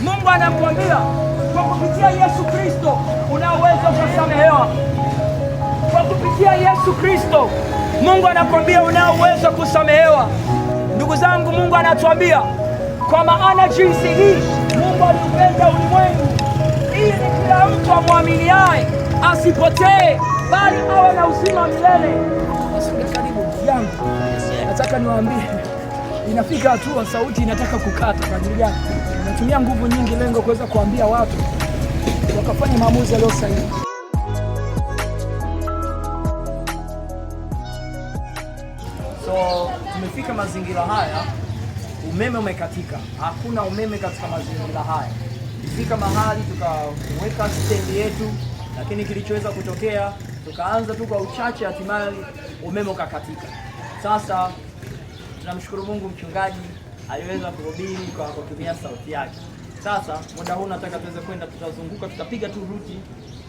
Mungu anamwambia kwa kupitia Yesu Kristo unaweza kusamehewa. Kwa kupitia Yesu Kristo Mungu anakwambia unaoweza kusamehewa. Ndugu zangu, Mungu anatuambia kwa maana jinsi hii Mungu aliupenda ulimwengu ili kila mtu amwaminiaye asipotee, bali awe na uzima milele. Karibu yangu, nataka niwaambie inafika hatua sauti inataka kukata. Kwa ajili gani? Natumia nguvu nyingi, lengo kuweza kuambia watu wakafanya maamuzi yaliyo sahihi. So tumefika mazingira haya, umeme umekatika, hakuna umeme katika mazingira haya. Tulifika mahali tukaweka stendi yetu, lakini kilichoweza kutokea tukaanza tu kwa uchache, hatimaye umeme ukakatika. Sasa tunamshukuru Mungu mchungaji aliweza kuhubiri kwa kutumia sauti yake. Sasa muda huu nataka tuweze kwenda, tutazunguka, tutapiga tu ruti,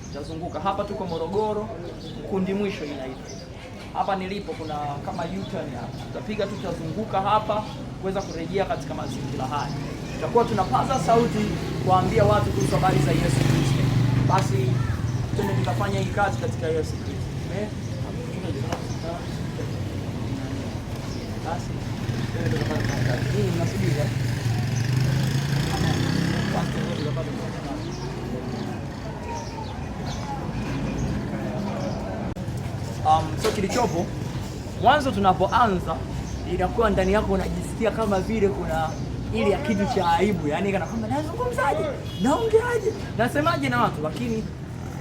tutazunguka hapa. Tuko Morogoro, Mkundi mwisho inaitwa hapa nilipo, kuna kama U-turn hapa, tutapiga tu, tutazunguka hapa kuweza kurejea katika mazingira haya. Tutakuwa tunapaza sauti kuambia watu kuhusu habari za Yesu Kristo. Basi twende tukafanya hii kazi katika Yesu Kristo. Um, so kilichopo mwanzo tunapoanza inakuwa ndani yako unajisikia kama vile kuna ile ya kitu cha aibu, yani kana kwamba nazungumzaje, naongeaje, nasemaje na watu, lakini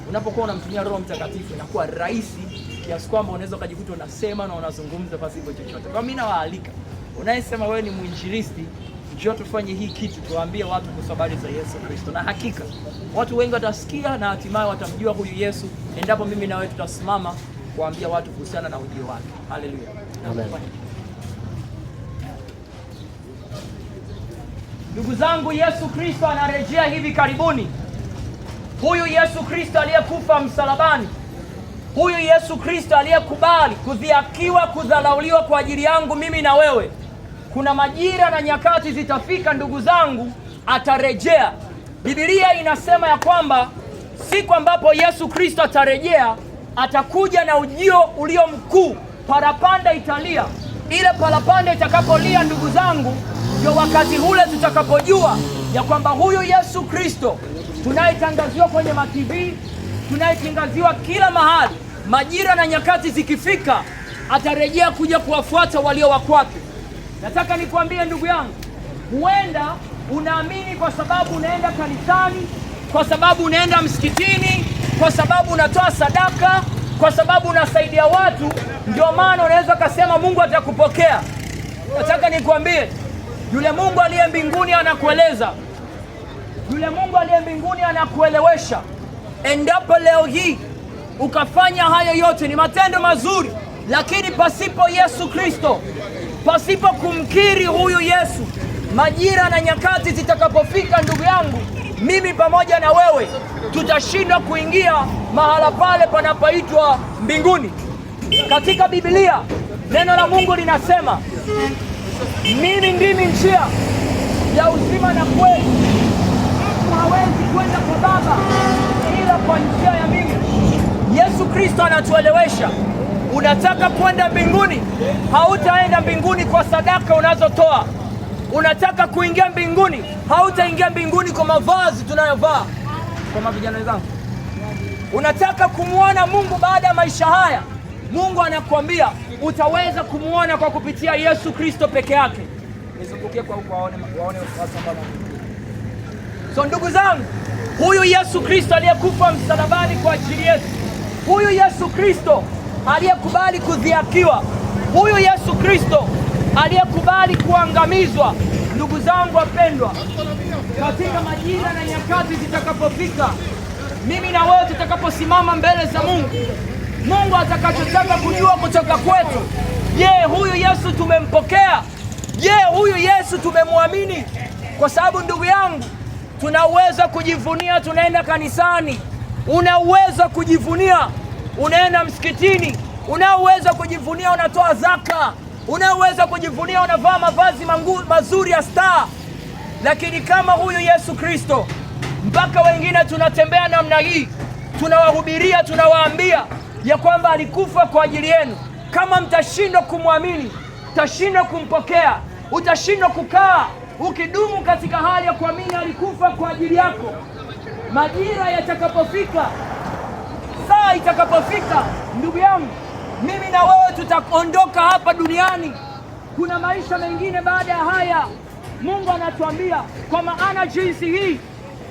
unapokuwa unamtumia Roho Mtakatifu inakuwa rahisi kiasi kwamba unaweza ukajikuta unasema na unazungumza pasipo chochote. Kwa mimi nawaalika, unayesema wewe ni mwinjilisti, njoo tufanye hii kitu, tuwaambie watu kuhusu habari za Yesu Kristo, na hakika watu wengi watasikia na hatimaye watamjua huyu Yesu, endapo mimi na wewe tutasimama kuambia watu kuhusiana na ujio wake. Haleluya, amen. Ndugu zangu, Yesu Kristo anarejea hivi karibuni. Huyu Yesu Kristo aliyekufa msalabani Huyu Yesu Kristo aliyekubali kudhiakiwa, kudhalauliwa kwa ajili yangu mimi na wewe. Kuna majira na nyakati zitafika, ndugu zangu, atarejea. Biblia inasema ya kwamba siku ambapo Yesu Kristo atarejea, atakuja na ujio ulio mkuu, parapanda italia. Ile parapanda itakapolia, ndugu zangu, ndio wakati ule tutakapojua ya kwamba huyu Yesu Kristo tunayetangaziwa kwenye mativi, tunayetangaziwa kila mahali Majira na nyakati zikifika, atarejea kuja kuwafuata walio wa kwake. Nataka nikwambie ndugu yangu, huenda unaamini kwa sababu unaenda kanisani, kwa sababu unaenda msikitini, kwa sababu unatoa sadaka, kwa sababu unasaidia watu, ndio maana unaweza ukasema Mungu atakupokea. Nataka nikwambie yule Mungu aliye mbinguni anakueleza, yule Mungu aliye mbinguni anakuelewesha. Endapo leo hii ukafanya hayo yote, ni matendo mazuri, lakini pasipo Yesu Kristo, pasipo kumkiri huyu Yesu, majira na nyakati zitakapofika, ndugu yangu, mimi pamoja na wewe tutashindwa kuingia mahala pale panapoitwa mbinguni. Katika Biblia neno la Mungu linasema, mimi ndimi njia ya uzima na anatuelewesha, unataka kwenda mbinguni, hautaenda mbinguni kwa sadaka unazotoa. Unataka kuingia mbinguni, hautaingia mbinguni kwa mavazi tunayovaa. Kama mavijana wenzangu, unataka kumwona Mungu baada ya maisha haya, Mungu anakuambia utaweza kumwona kwa kupitia Yesu Kristo peke yake. Nizungukie kwa huko waone, waone watu ambao so, ndugu zangu, huyu Yesu Kristo aliyekufa msalabani kwa ajili yetu Huyu Yesu Kristo aliyekubali kudhiakiwa, huyu Yesu Kristo aliyekubali kuangamizwa. Ndugu zangu wapendwa, katika majira na nyakati zitakapofika, mimi na wewe tutakaposimama mbele za Mungu, Mungu atakachotaka kujua kutoka kwetu, je, huyu Yesu tumempokea? Je, huyu Yesu tumemwamini? Kwa sababu ndugu yangu, tunaweza kujivunia, tunaenda kanisani Una uwezo kujivunia, unaenda msikitini. Una uwezo kujivunia, unatoa zaka. Una uwezo kujivunia, unavaa mavazi mangu, mazuri ya staa. Lakini kama huyu Yesu Kristo, mpaka wengine tunatembea namna hii, tunawahubiria, tunawaambia ya kwamba alikufa kwa ajili yenu. Kama mtashindwa kumwamini, mtashindwa kumpokea, utashindwa kukaa ukidumu katika hali ya kuamini alikufa kwa ajili yako Majira yatakapofika, saa itakapofika, ndugu yangu, mimi na wewe tutaondoka hapa duniani. Kuna maisha mengine baada ya haya. Mungu anatuambia kwa maana jinsi hii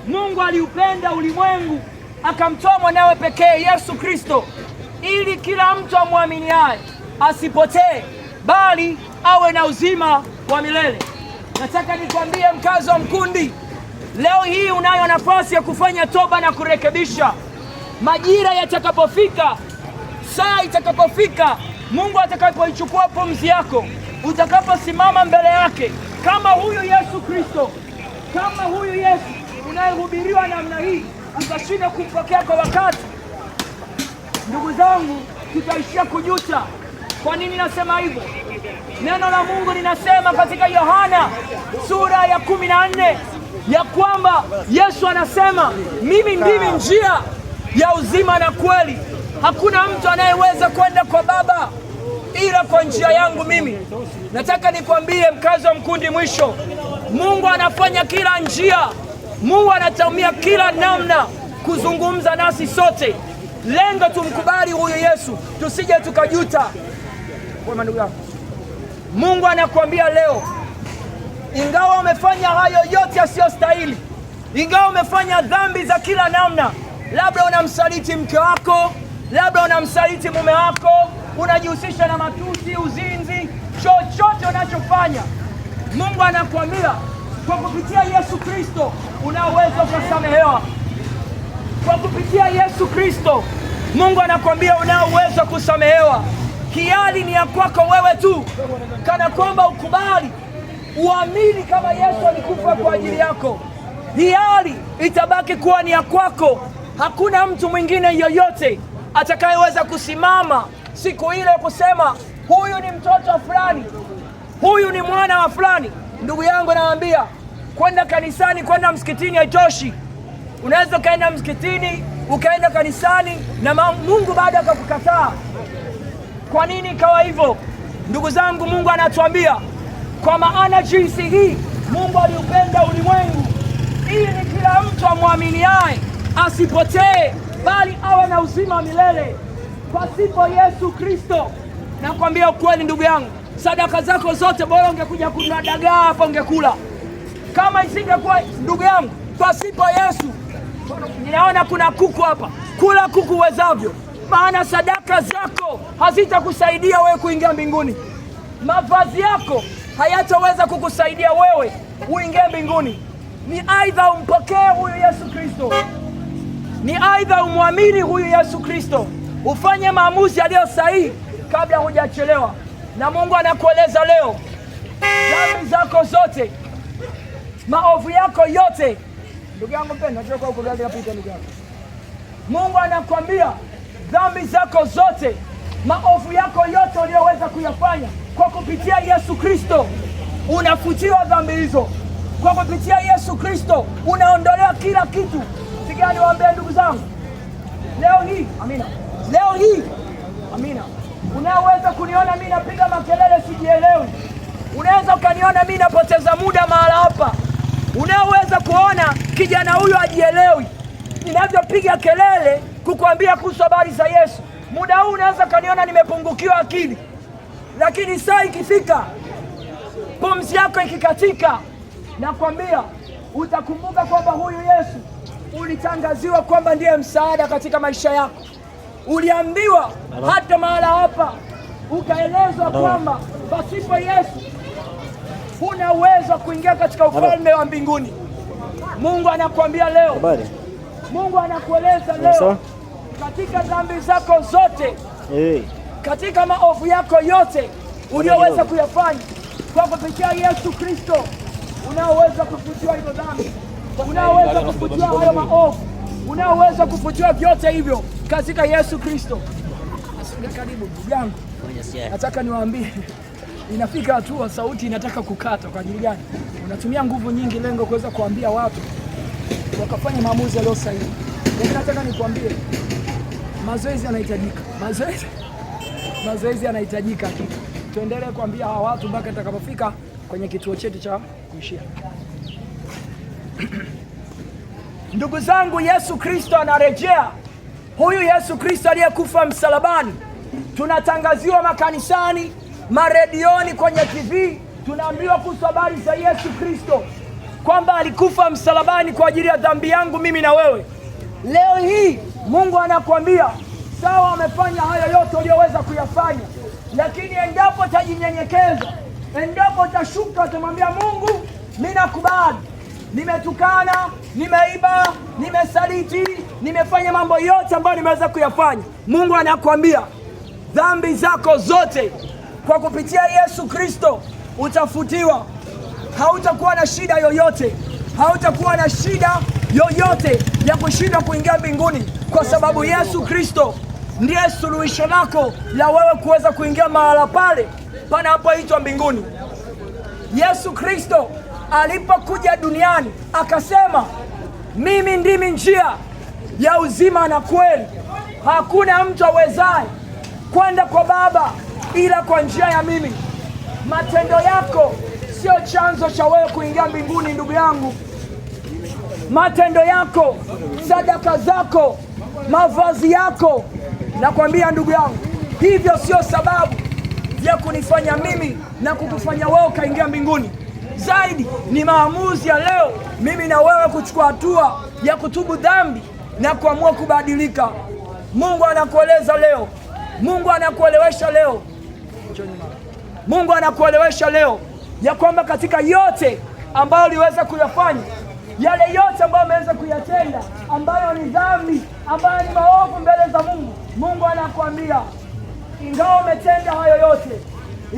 Mungu aliupenda ulimwengu akamtoa mwanawe pekee Yesu Kristo, ili kila mtu amwaminiaye asipotee, bali awe na uzima wa milele. Nataka nikwambie, mkazi wa Mkundi, Leo hii unayo nafasi ya kufanya toba na kurekebisha. Majira yatakapofika, saa itakapofika, Mungu atakapoichukua pumzi yako, utakaposimama mbele yake kama huyu Yesu Kristo, kama huyu Yesu unayehubiriwa namna hii, utashinda kumpokea kwa wakati, ndugu zangu, tutaishia kujuta. Kwa nini nasema hivyo? Neno la Mungu linasema katika Yohana sura ya kumi na nne ya kwamba Yesu anasema mimi ndimi njia ya uzima na kweli, hakuna mtu anayeweza kwenda kwa Baba ila kwa njia yangu mimi. Nataka nikwambie mkazi wa Mkundi mwisho, Mungu anafanya kila njia, Mungu anatumia kila namna kuzungumza nasi sote. Lengo tumkubali huyu Yesu, tusije tukajuta. Mungu anakuambia leo ingawa umefanya hayo yote stahili ingawa umefanya dhambi za kila namna, labda unamsaliti mke wako, labda unamsaliti mume wako, unajihusisha na matusi, uzinzi, chochote unachofanya, Mungu anakuambia kwa kupitia Yesu Kristo unaweza ukasamehewa. Kwa kupitia Yesu Kristo Mungu anakuambia unaoweza kusamehewa. Hiari ni ya kwako wewe tu, kana kwamba ukubali uamini kama Yesu alikufa kwa ajili yako, hiari itabaki kuwa ni ya kwako. Hakuna mtu mwingine yoyote atakayeweza kusimama siku ile kusema huyu ni mtoto wa fulani, huyu ni mwana wa fulani. Ndugu yangu, nawaambia kwenda kanisani, kwenda msikitini haitoshi. Unaweza ukaenda msikitini, ukaenda kanisani na Mungu bado akakukataa. Kwa nini ikawa hivyo? Ndugu zangu, Mungu anatuambia kwa maana jinsi hii Mungu aliupenda ulimwengu, ili kila mtu amwaminiaye asipotee, bali awe na uzima milele. Pasipo Yesu Kristo, nakwambia ukweli ndugu yangu, sadaka zako zote bora ungekuja kuna dagaa hapa ungekula, kama isingekuwa ndugu yangu, pasipo Yesu. Ninaona kuna kuku hapa, kula kuku uwezavyo, maana sadaka zako hazitakusaidia wewe kuingia mbinguni. Mavazi yako hayataweza kukusaidia wewe uingie mbinguni. Ni aidha umpokee huyu Yesu Kristo, ni aidha umwamini huyu Yesu Kristo, ufanye maamuzi yaliyo sahihi kabla hujachelewa. Na Mungu anakueleza leo, dhambi zako zote, maovu yako yote, ndugu yangu mpendwa, ndugu yangu, Mungu anakwambia dhambi zako zote maovu yako yote uliyoweza kuyafanya, kwa kupitia Yesu Kristo unafutiwa dhambi hizo. Kwa kupitia Yesu Kristo unaondolewa kila kitu. Sikia, niwaambie ndugu zangu, leo hii amina, leo hii amina, unaweza kuniona mimi napiga makelele sijielewi. Unaweza ukaniona mimi napoteza muda mahala hapa. Unaweza kuona kijana huyo ajielewi ninavyopiga kelele kukuambia kuhusu habari za Yesu Muda huu unaweza ukaniona nimepungukiwa akili, lakini saa ikifika, pumzi yako ikikatika, nakwambia utakumbuka kwamba huyu Yesu ulitangaziwa kwamba ndiye msaada katika maisha yako. Uliambiwa hata mahala hapa, ukaelezwa kwamba pasipo Yesu huna uwezo wa kuingia katika ufalme wa mbinguni. Mungu anakuambia leo, Mungu anakueleza leo katika dhambi zako zote hey. Eh. Katika maovu yako yote uliyoweza kuyafanya kwa kupitia Yesu Kristo, unaoweza kufutiwa hizo dhambi, unaoweza kufutiwa hayo maovu, unaoweza kufutiwa vyote hivyo katika Yesu Kristo. Karibu ndugu yangu, nataka niwaambie, inafika hatua sauti inataka kukata. Kwa ajili gani? Unatumia nguvu nyingi, lengo kuweza kuambia watu wakafanya maamuzi yaliyo sahihi. Nataka nikwambie mazoezi yanahitajika, mazoezi mazoezi yanahitajika. Tuendelee kuambia hawa watu mpaka atakapofika kwenye kituo chetu cha kuishia. Ndugu zangu, Yesu Kristo anarejea. Huyu Yesu Kristo aliyekufa msalabani, tunatangaziwa makanisani, maredioni, kwenye TV, tunaambiwa kuhusu habari za Yesu Kristo kwamba alikufa msalabani kwa ajili ya dhambi yangu mimi na wewe. Leo hii Mungu anakwambia sawa, amefanya hayo yote uliyoweza kuyafanya, lakini endapo utajinyenyekeza, endapo utashuka, utamwambia Mungu, mimi nakubali, nimetukana, nimeiba, nimesaliti, nimefanya mambo yote ambayo nimeweza kuyafanya. Mungu anakwambia dhambi zako zote kwa kupitia Yesu Kristo utafutiwa. Hautakuwa na shida yoyote, hautakuwa na shida yoyote ya kushindwa kuingia mbinguni, kwa sababu Yesu Kristo ndiye suluhisho lako la wewe kuweza kuingia mahala pale panapoitwa mbinguni. Yesu Kristo alipokuja duniani akasema, mimi ndimi njia ya uzima na kweli, hakuna mtu awezaye kwenda kwa Baba ila kwa njia ya mimi. Matendo yako sio chanzo cha wewe kuingia mbinguni, ndugu yangu matendo yako, sadaka zako, mavazi yako. Nakwambia ndugu yangu, hivyo sio sababu vya kunifanya mimi na kukufanya wewe ukaingia mbinguni. Zaidi ni maamuzi ya leo, mimi na wewe kuchukua hatua ya kutubu dhambi na kuamua kubadilika. Mungu anakueleza leo, Mungu anakuelewesha leo, Mungu anakuelewesha leo ya kwamba katika yote ambayo uliweza kuyafanya yale yote ambayo ameweza kuyatenda ambayo ni dhambi ambayo ni maovu mbele za Mungu. Mungu anakuambia ingawa umetenda hayo yote,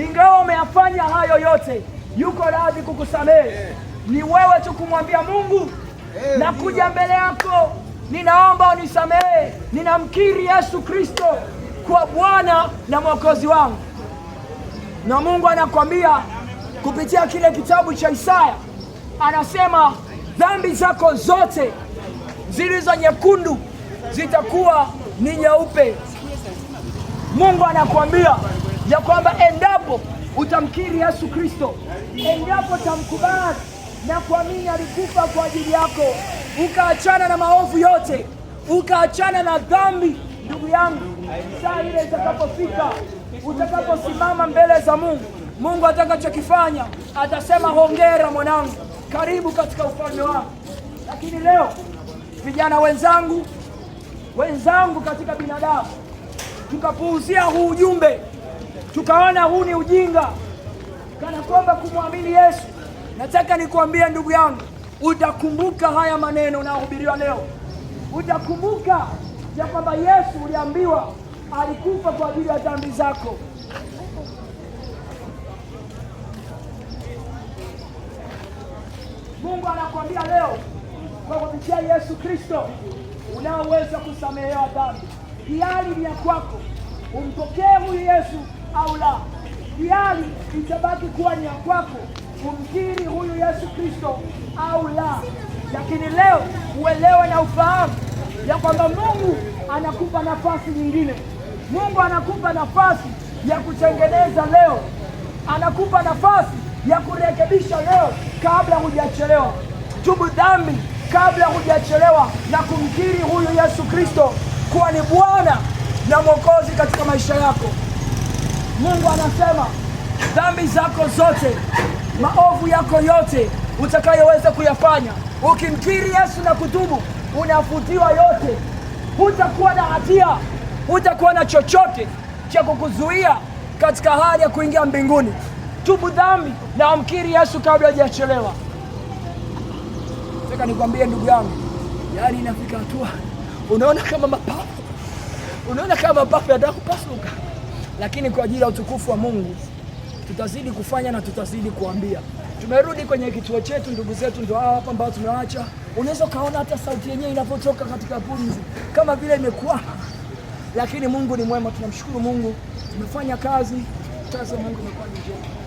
ingawa umeyafanya hayo yote, yuko radhi kukusamehe. Ni wewe tu kumwambia Mungu, eh, nakuja mbele yako, ninaomba unisamehe, ninamkiri Yesu Kristo kwa Bwana na Mwokozi wangu. Na Mungu anakuambia kupitia kile kitabu cha Isaya, anasema dhambi zako zote zilizo nyekundu zitakuwa ni nyeupe. Mungu anakuambia ya kwamba endapo utamkiri Yesu Kristo, endapo utamkubali na kuamini alikufa kwa ajili yako, ukaachana na maovu yote, ukaachana na dhambi, ndugu yangu, saa ile itakapofika, utakaposimama mbele za Mungu, Mungu atakachokifanya atasema, hongera mwanangu karibu katika ufalme wangu. Lakini leo vijana wenzangu, wenzangu katika binadamu, tukapuuzia huu ujumbe, tukaona huu ni ujinga, kana kwamba kumwamini Yesu. Nataka nikuambie ndugu yangu, utakumbuka haya maneno unayohubiriwa leo, utakumbuka ya kwamba Yesu uliambiwa alikufa kwa ajili ya dhambi zako. Mungu anakuambia leo kwa kupitia Yesu Kristo unaoweza kusamehewa dhambi. Hiari ni ya kwako, umpokee huyu Yesu au la. Hiari itabaki kuwa ni ya kwako, umkiri huyu Yesu Kristo au la. Lakini leo uelewe na ufahamu ya kwamba Mungu anakupa nafasi nyingine. Mungu anakupa nafasi ya kutengeneza leo, anakupa nafasi ya kurekebisha leo kabla hujachelewa. Tubu dhambi kabla hujachelewa na kumkiri huyu Yesu Kristo kuwa ni Bwana na Mwokozi katika maisha yako. Mungu anasema dhambi zako zote, maovu yako yote utakayoweza kuyafanya, ukimkiri Yesu na kutubu, unafutiwa yote. Hutakuwa na hatia, hutakuwa na chochote cha kukuzuia katika hali ya kuingia mbinguni tubu dhambi na wamkiri Yesu kabla hajachelewa. Nataka nikwambie ndugu yangu, yaani inafika hatua unaona kama mapafu, unaona kama mapafu yanataka kupasuka, lakini kwa ajili ya utukufu wa Mungu tutazidi kufanya na tutazidi kuambia. Tumerudi kwenye kituo chetu, ndugu zetu ndio hawa hapa ambao tumewaacha. Unaweza ukaona hata sauti yenyewe inapotoka katika pumzi kama vile imekuwa, lakini Mungu ni mwema. Tunamshukuru Mungu, tumefanya kazi. tazama Mungu amekuwa njema.